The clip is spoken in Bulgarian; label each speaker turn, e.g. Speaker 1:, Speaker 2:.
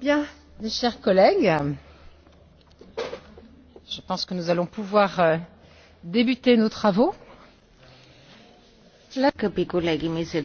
Speaker 1: Bien, mes chers collègues, je pense que nous allons pouvoir débuter nos travaux.
Speaker 2: Скъпи